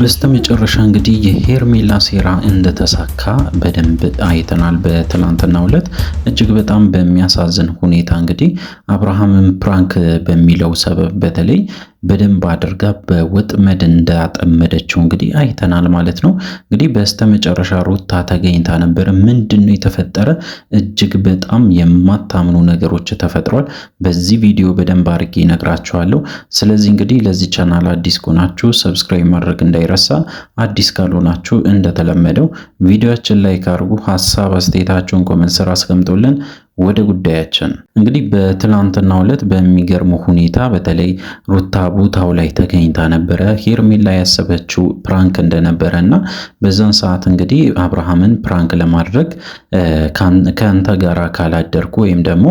በስተመጨረሻ እንግዲህ የሄርሜላ ሴራ እንደተሳካ በደንብ አይተናል። በትናንትናው ዕለት እጅግ በጣም በሚያሳዝን ሁኔታ እንግዲህ አብርሃምን ፕራንክ በሚለው ሰበብ በተለይ በደንብ አድርጋ በወጥመድ እንዳጠመደችው እንግዲህ አይተናል ማለት ነው። እንግዲህ በስተመጨረሻ ሩታ ተገኝታ ነበረ። ምንድን ነው የተፈጠረ? እጅግ በጣም የማታምኑ ነገሮች ተፈጥሯል። በዚህ ቪዲዮ በደንብ አድርጌ ይነግራችኋለሁ። ስለዚህ እንግዲህ ለዚህ ቻናል አዲስ ከሆናችሁ ሰብስክራይብ ማድረግ እንዳይረሳ፣ አዲስ ካልሆናችሁ እንደተለመደው ቪዲዮችን ላይክ አድርጉ፣ ሀሳብ አስተያየታችሁን ኮመንት ስራ አስቀምጦልን ወደ ጉዳያችን እንግዲህ በትላንትናው ዕለት በሚገርሙ ሁኔታ በተለይ ሩታ ቦታው ላይ ተገኝታ ነበረ። ሄርሜላ ያሰበችው ፕራንክ እንደነበረ እና በዛን ሰዓት እንግዲህ አብርሃምን ፕራንክ ለማድረግ ከአንተ ጋር ካላደርኩ ወይም ደግሞ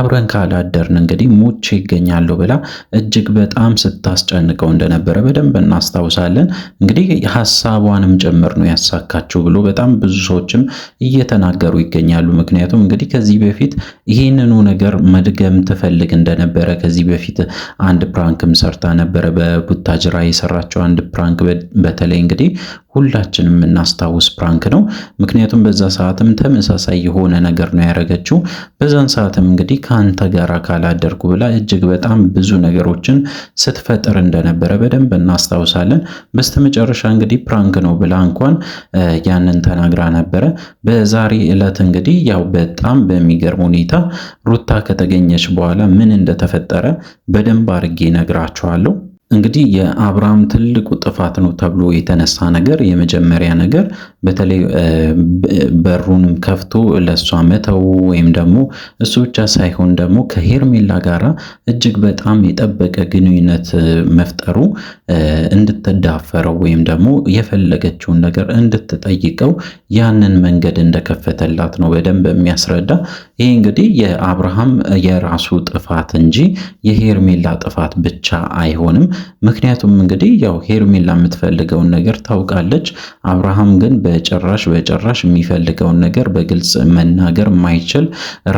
አብረን ካላደርን እንግዲህ ሞቼ ይገኛለሁ ብላ እጅግ በጣም ስታስጨንቀው እንደነበረ በደንብ እናስታውሳለን። እንግዲህ ሀሳቧንም ጭምር ነው ያሳካችው ብሎ በጣም ብዙ ሰዎችም እየተናገሩ ይገኛሉ። ምክንያቱም እንግዲህ ከዚህ በፊት በፊት ይህንኑ ነገር መድገም ትፈልግ እንደነበረ ከዚህ በፊት አንድ ፕራንክም ሰርታ ነበረ። በቡታጅራ የሰራቸው አንድ ፕራንክ በተለይ እንግዲህ ሁላችንም የምናስታውስ ፕራንክ ነው። ምክንያቱም በዛ ሰዓትም ተመሳሳይ የሆነ ነገር ነው ያደረገችው። በዛን ሰዓትም እንግዲህ ከአንተ ጋር ካላደርኩ ብላ እጅግ በጣም ብዙ ነገሮችን ስትፈጥር እንደነበረ በደንብ እናስታውሳለን። በስተመጨረሻ እንግዲህ ፕራንክ ነው ብላ እንኳን ያንን ተናግራ ነበረ። በዛሬ ዕለት እንግዲህ ያው በጣም በሚገርም ሁኔታ ሩታ ከተገኘች በኋላ ምን እንደተፈጠረ በደንብ አድርጌ ነግራችኋለሁ። እንግዲህ የአብርሃም ትልቁ ጥፋት ነው ተብሎ የተነሳ ነገር የመጀመሪያ ነገር በተለይ በሩንም ከፍቶ ለእሷ መተው ወይም ደግሞ እሱ ብቻ ሳይሆን ደግሞ ከሄርሜላ ጋራ እጅግ በጣም የጠበቀ ግንኙነት መፍጠሩ እንደ እንድትዳፈረው ወይም ደግሞ የፈለገችውን ነገር እንድትጠይቀው ያንን መንገድ እንደከፈተላት ነው በደንብ የሚያስረዳ። ይህ እንግዲህ የአብርሃም የራሱ ጥፋት እንጂ የሄርሜላ ጥፋት ብቻ አይሆንም። ምክንያቱም እንግዲህ ያው ሄርሜላ የምትፈልገውን ነገር ታውቃለች። አብርሃም ግን በጭራሽ በጭራሽ የሚፈልገውን ነገር በግልጽ መናገር ማይችል፣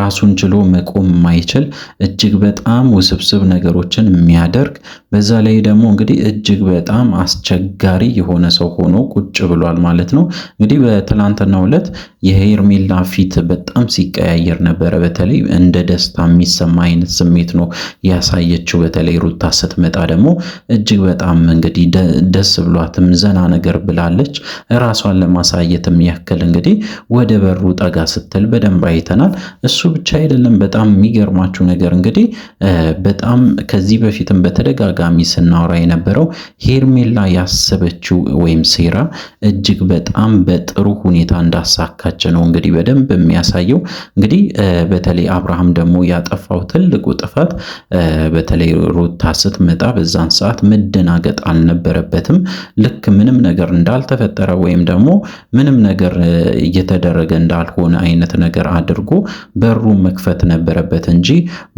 ራሱን ችሎ መቆም ማይችል፣ እጅግ በጣም ውስብስብ ነገሮችን የሚያደርግ በዛ ላይ ደግሞ እንግዲህ እጅግ በጣም አስቸጋሪ የሆነ ሰው ሆኖ ቁጭ ብሏል ማለት ነው። እንግዲህ በትላንትናው ዕለት የሄርሜላ ፊት በጣም ሲቀያየር ነበረ። በተለይ እንደ ደስታ የሚሰማ አይነት ስሜት ነው ያሳየችው። በተለይ ሩታ ስትመጣ ደግሞ እጅግ በጣም እንግዲህ ደስ ብሏትም ዘና ነገር ብላለች። ራሷን ለማሳየትም ያክል እንግዲህ ወደ በሩ ጠጋ ስትል በደንብ አይተናል። እሱ ብቻ አይደለም። በጣም የሚገርማችሁ ነገር እንግዲህ በጣም ከዚህ በፊትም በተደጋጋሚ ስናወራ የነበረው ሄርሜ ሄርሜላ ያሰበችው ወይም ሴራ እጅግ በጣም በጥሩ ሁኔታ እንዳሳካች ነው እንግዲህ በደንብ የሚያሳየው። እንግዲህ በተለይ አብርሃም ደግሞ ያጠፋው ትልቁ ጥፋት በተለይ ሩታ ስትመጣ በዛን ሰዓት መደናገጥ አልነበረበትም። ልክ ምንም ነገር እንዳልተፈጠረ ወይም ደግሞ ምንም ነገር እየተደረገ እንዳልሆነ አይነት ነገር አድርጎ በሩ መክፈት ነበረበት እንጂ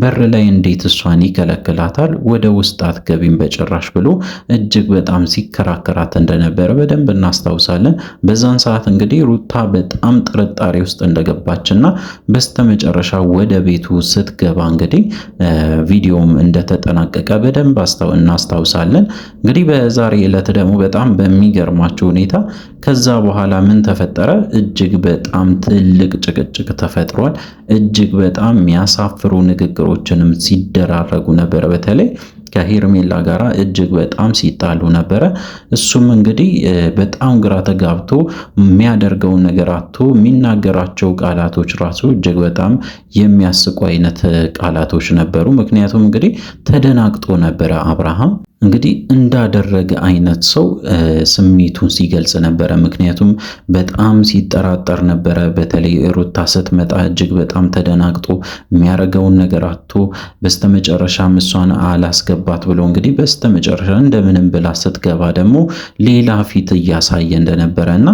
በር ላይ እንዴት እሷን ይከለክላታል? ወደ ውስጥ አትገቢም በጭራሽ ብሎ እጅግ በጣም በጣም ሲከራከራት እንደነበረ በደንብ እናስታውሳለን። በዛን ሰዓት እንግዲህ ሩታ በጣም ጥርጣሬ ውስጥ እንደገባችና በስተመጨረሻ ወደ ቤቱ ስትገባ እንግዲህ ቪዲዮም እንደተጠናቀቀ በደንብ እናስታውሳለን። እንግዲህ በዛሬ ዕለት ደግሞ በጣም በሚገርማቸው ሁኔታ ከዛ በኋላ ምን ተፈጠረ? እጅግ በጣም ትልቅ ጭቅጭቅ ተፈጥሯል። እጅግ በጣም የሚያሳፍሩ ንግግሮችንም ሲደራረጉ ነበር በተለይ ከሄርሜላ ጋራ እጅግ በጣም ሲጣሉ ነበረ። እሱም እንግዲህ በጣም ግራ ተጋብቶ የሚያደርገውን ነገር አቶ የሚናገራቸው ቃላቶች ራሱ እጅግ በጣም የሚያስቁ አይነት ቃላቶች ነበሩ። ምክንያቱም እንግዲህ ተደናግጦ ነበረ አብርሃም እንግዲህ እንዳደረገ አይነት ሰው ስሜቱን ሲገልጽ ነበረ። ምክንያቱም በጣም ሲጠራጠር ነበረ። በተለይ ሩታ ስትመጣ እጅግ በጣም ተደናግጦ የሚያደርገውን ነገር አቶ በስተመጨረሻም እሷን አላስገባት ብሎ እንግዲህ በስተመጨረሻ እንደምንም ብላ ስትገባ ደግሞ ሌላ ፊት እያሳየ እንደነበረ እና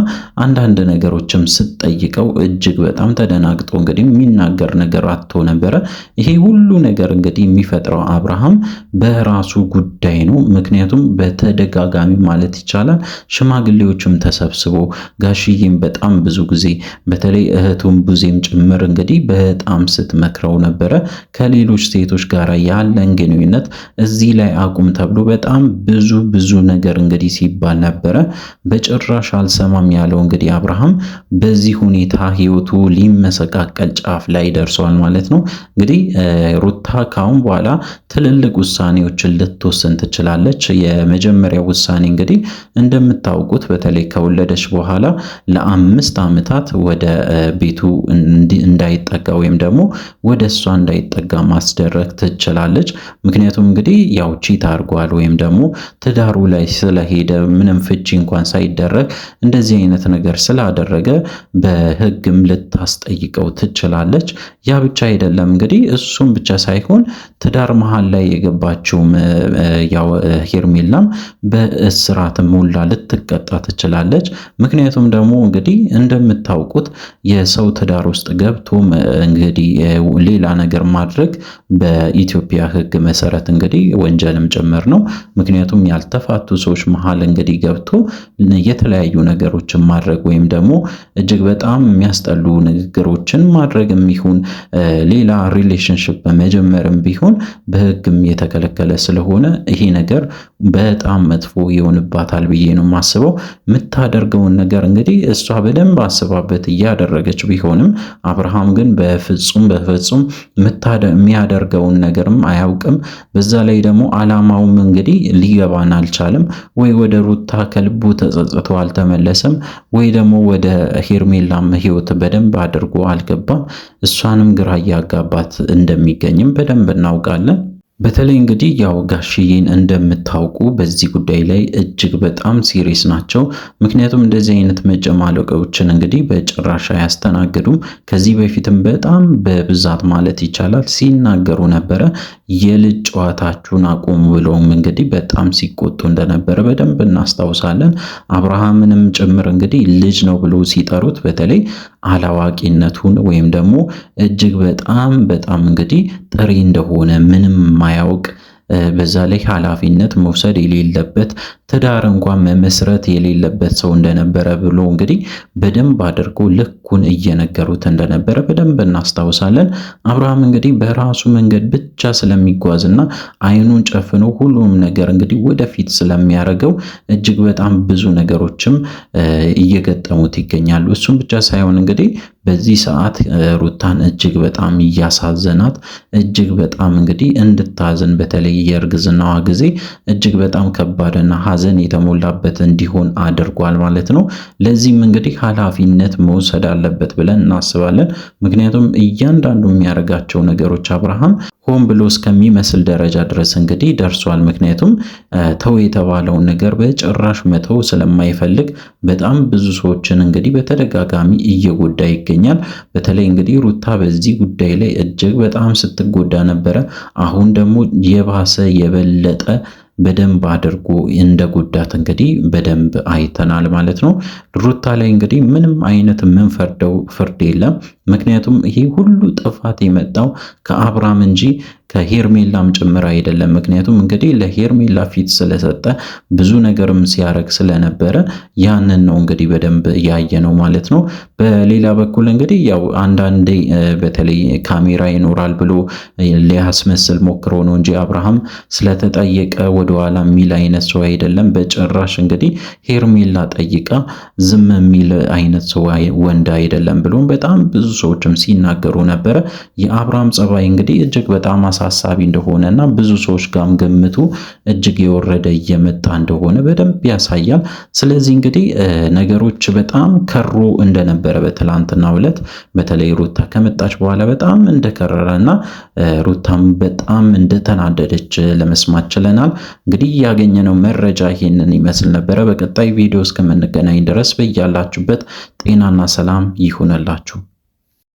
አንዳንድ ነገሮችም ስትጠይቀው እጅግ በጣም ተደናግጦ እንግዲህ የሚናገር ነገር አቶ ነበረ። ይሄ ሁሉ ነገር እንግዲህ የሚፈጥረው አብርሃም በራሱ ጉዳይ ነው። ምክንያቱም በተደጋጋሚ ማለት ይቻላል ሽማግሌዎችም ተሰብስቦ ጋሽዬም በጣም ብዙ ጊዜ በተለይ እህቱም ቡዜም ጭምር እንግዲህ በጣም ስትመክረው ነበረ። ከሌሎች ሴቶች ጋር ያለን ግንኙነት እዚህ ላይ አቁም ተብሎ በጣም ብዙ ብዙ ነገር እንግዲህ ሲባል ነበረ። በጭራሽ አልሰማም ያለው እንግዲህ አብርሃም በዚህ ሁኔታ ህይወቱ ሊመሰቃቀል ጫፍ ላይ ደርሷል ማለት ነው። እንግዲህ ሩታ ካሁን በኋላ ትልልቅ ውሳኔዎችን ልትወስን ትችላል። ትችላለች። የመጀመሪያው ውሳኔ እንግዲህ እንደምታውቁት በተለይ ከወለደች በኋላ ለአምስት ዓመታት ወደ ቤቱ እንዳይጠጋ ወይም ደግሞ ወደ እሷ እንዳይጠጋ ማስደረግ ትችላለች። ምክንያቱም እንግዲህ ያው ቺት አድርጓል ወይም ደግሞ ትዳሩ ላይ ስለሄደ ምንም ፍቺ እንኳን ሳይደረግ እንደዚህ አይነት ነገር ስላደረገ በህግም ልታስጠይቀው ትችላለች። ያ ብቻ አይደለም እንግዲህ እሱም ብቻ ሳይሆን ትዳር መሀል ላይ የገባችውም ያው ሄርሜላም በስራት ሙላ ልትቀጣ ትችላለች። ምክንያቱም ደግሞ እንግዲህ እንደምታውቁት የሰው ትዳር ውስጥ ገብቶም እንግዲህ ሌላ ነገር ማድረግ በኢትዮጵያ ሕግ መሰረት እንግዲህ ወንጀልም ጭምር ነው። ምክንያቱም ያልተፋቱ ሰዎች መሀል እንግዲህ ገብቶ የተለያዩ ነገሮችን ማድረግ ወይም ደግሞ እጅግ በጣም የሚያስጠሉ ንግግሮችን ማድረግ የሚሆን ሌላ ሪሌሽንሽፕ በመጀመርም ቢሆን በሕግም የተከለከለ ስለሆነ ይሄ ነገር በጣም መጥፎ ይሆንባታል ብዬ ነው የማስበው። የምታደርገውን ነገር እንግዲህ እሷ በደንብ አስባበት እያደረገች ቢሆንም አብርሃም ግን በፍጹም በፍጹም የሚያደርገውን ነገርም አያውቅም። በዛ ላይ ደግሞ አላማውም እንግዲህ ሊገባን አልቻለም። ወይ ወደ ሩታ ከልቡ ተጸጽቶ አልተመለሰም፣ ወይ ደግሞ ወደ ሄርሜላም ህይወት በደንብ አድርጎ አልገባም። እሷንም ግራ እያጋባት እንደሚገኝም በደንብ እናውቃለን። በተለይ እንግዲህ ያው ጋሽዬን እንደምታውቁ በዚህ ጉዳይ ላይ እጅግ በጣም ሲሪስ ናቸው። ምክንያቱም እንደዚህ አይነት መጨማለቂያዎችን እንግዲህ በጭራሽ አያስተናግዱም። ከዚህ በፊትም በጣም በብዛት ማለት ይቻላል ሲናገሩ ነበረ። የልጅ ጨዋታችሁን አቁሙ ብለውም እንግዲህ በጣም ሲቆጡ እንደነበረ በደንብ እናስታውሳለን። አብርሃምንም ጭምር እንግዲህ ልጅ ነው ብሎ ሲጠሩት በተለይ አላዋቂነቱን ወይም ደግሞ እጅግ በጣም በጣም እንግዲህ ጥሪ እንደሆነ ምንም ማያውቅ በዛ ላይ ኃላፊነት መውሰድ የሌለበት ትዳር እንኳን መመስረት የሌለበት ሰው እንደነበረ ብሎ እንግዲህ በደንብ አድርጎ ልኩን እየነገሩት እንደነበረ በደንብ እናስታውሳለን። አብርሃም እንግዲህ በራሱ መንገድ ብቻ ስለሚጓዝና አይኑን ጨፍኖ ሁሉም ነገር እንግዲህ ወደፊት ስለሚያደርገው እጅግ በጣም ብዙ ነገሮችም እየገጠሙት ይገኛሉ። እሱም ብቻ ሳይሆን እንግዲህ በዚህ ሰዓት ሩታን እጅግ በጣም እያሳዘናት እጅግ በጣም እንግዲህ እንድታዝን በተለይ የእርግዝናዋ ጊዜ እጅግ በጣም ከባድና ሀዘን የተሞላበት እንዲሆን አድርጓል ማለት ነው። ለዚህም እንግዲህ ኃላፊነት መውሰድ አለበት ብለን እናስባለን። ምክንያቱም እያንዳንዱ የሚያደርጋቸው ነገሮች አብርሃም ሆን ብሎ እስከሚመስል ደረጃ ድረስ እንግዲህ ደርሷል። ምክንያቱም ተው የተባለውን ነገር በጭራሽ መተው ስለማይፈልግ በጣም ብዙ ሰዎችን እንግዲህ በተደጋጋሚ እየጎዳ ይገኛል። በተለይ እንግዲህ ሩታ በዚህ ጉዳይ ላይ እጅግ በጣም ስትጎዳ ነበረ። አሁን ደግሞ የባሰ የበለጠ በደንብ አድርጎ እንደጎዳት እንግዲህ በደንብ አይተናል ማለት ነው። ሩታ ላይ እንግዲህ ምንም አይነት የምንፈርደው ፍርድ የለም። ምክንያቱም ይሄ ሁሉ ጥፋት የመጣው ከአብራም እንጂ ከሄርሜላም ጭምር አይደለም። ምክንያቱም እንግዲህ ለሄርሜላ ፊት ስለሰጠ ብዙ ነገርም ሲያረግ ስለነበረ ያንን ነው እንግዲህ በደንብ ያየ ነው ማለት ነው። በሌላ በኩል እንግዲህ ያው አንዳንዴ በተለይ ካሜራ ይኖራል ብሎ ሊያስመስል ሞክሮ ነው እንጂ አብርሃም ስለተጠየቀ ወደኋላ የሚል አይነት ሰው አይደለም በጭራሽ። እንግዲህ ሄርሜላ ጠይቃ ዝም የሚል አይነት ሰው ወንድ አይደለም ብሎም በጣም ብዙ ሰዎችም ሲናገሩ ነበረ። የአብርሃም ጸባይ እንግዲህ እጅግ በጣም አሳሳቢ እንደሆነ እና ብዙ ሰዎች ጋም ግምቱ እጅግ የወረደ እየመጣ እንደሆነ በደንብ ያሳያል። ስለዚህ እንግዲህ ነገሮች በጣም ከሩ እንደነበረ በትላንትና ዕለት በተለይ ሩታ ከመጣች በኋላ በጣም እንደከረረ እና ሩታም በጣም እንደተናደደች ለመስማት ችለናል። እንግዲህ ያገኘነው መረጃ ይሄንን ይመስል ነበረ። በቀጣይ ቪዲዮ እስከምንገናኝ ድረስ በያላችሁበት ጤናና ሰላም ይሁንላችሁ።